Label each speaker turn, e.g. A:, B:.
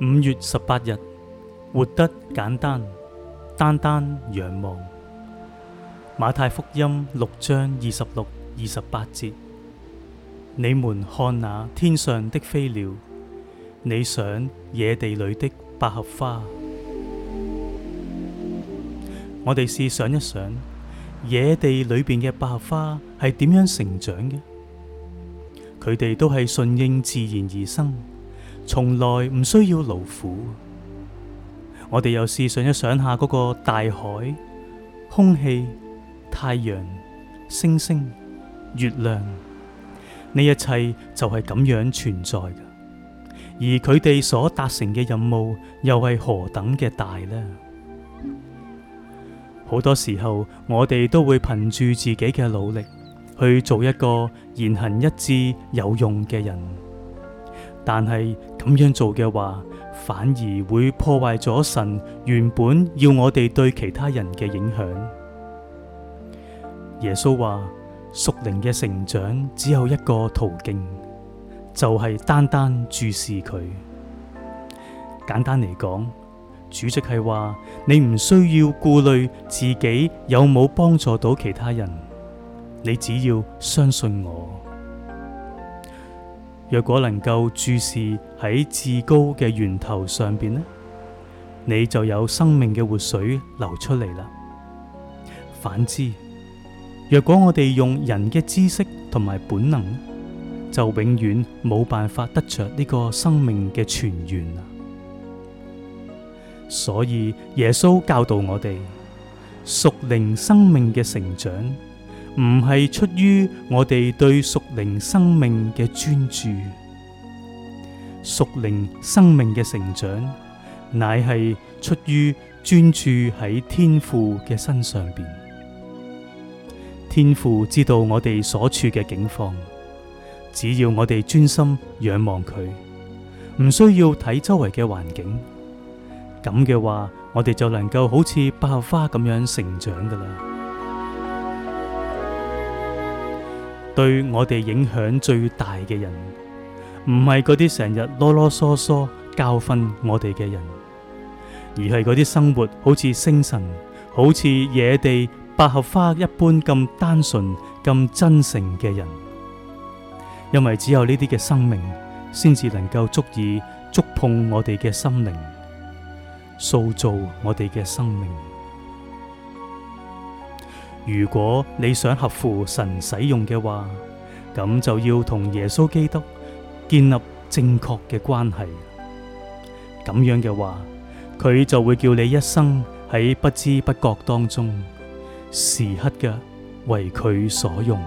A: 五月十八日，活得簡單，單單仰望。馬太福音六章二十六、二十八節：你們看那天上的飛鳥，你想野地裏的百合花。我哋試想一想，野地裏邊嘅百合花係點樣成長嘅？佢哋都係順應自然而生。從來唔需要勞苦。我哋又試想一想下嗰個大海、空氣、太陽、星星、月亮，呢一切就係咁樣存在嘅，而佢哋所達成嘅任務又係何等嘅大呢？好多時候，我哋都會憑住自己嘅努力去做一個言行一致、有用嘅人。但係咁樣做嘅話，反而會破壞咗神原本要我哋對其他人嘅影響。耶穌話：屬靈嘅成長只有一個途徑，就係、是、單單注視佢。簡單嚟講，主即係話你唔需要顧慮自己有冇幫助到其他人，你只要相信我。若果能夠注視喺至高嘅源頭上邊呢，你就有生命嘅活水流出嚟啦。反之，若果我哋用人嘅知識同埋本能，就永遠冇辦法得着呢個生命嘅泉源啊。所以耶穌教導我哋，屬靈生命嘅成長。唔係出於我哋對屬靈生命嘅專注，屬靈生命嘅成長乃係出於專注喺天父嘅身上邊。天父知道我哋所處嘅境況，只要我哋專心仰望佢，唔需要睇周圍嘅環境，咁嘅話，我哋就能夠好似百合花咁樣成長噶啦。對我哋影響最大嘅人，唔係嗰啲成日囉囉嗦嗦教訓我哋嘅人，而係嗰啲生活好似星辰、好似野地百合花一般咁單純、咁真誠嘅人。因為只有呢啲嘅生命，先至能夠足以觸碰我哋嘅心靈，塑造我哋嘅生命。如果你想合乎神使用嘅話，咁就要同耶穌基督建立正確嘅關係。咁樣嘅話，佢就會叫你一生喺不知不覺當中，時刻嘅為佢所用。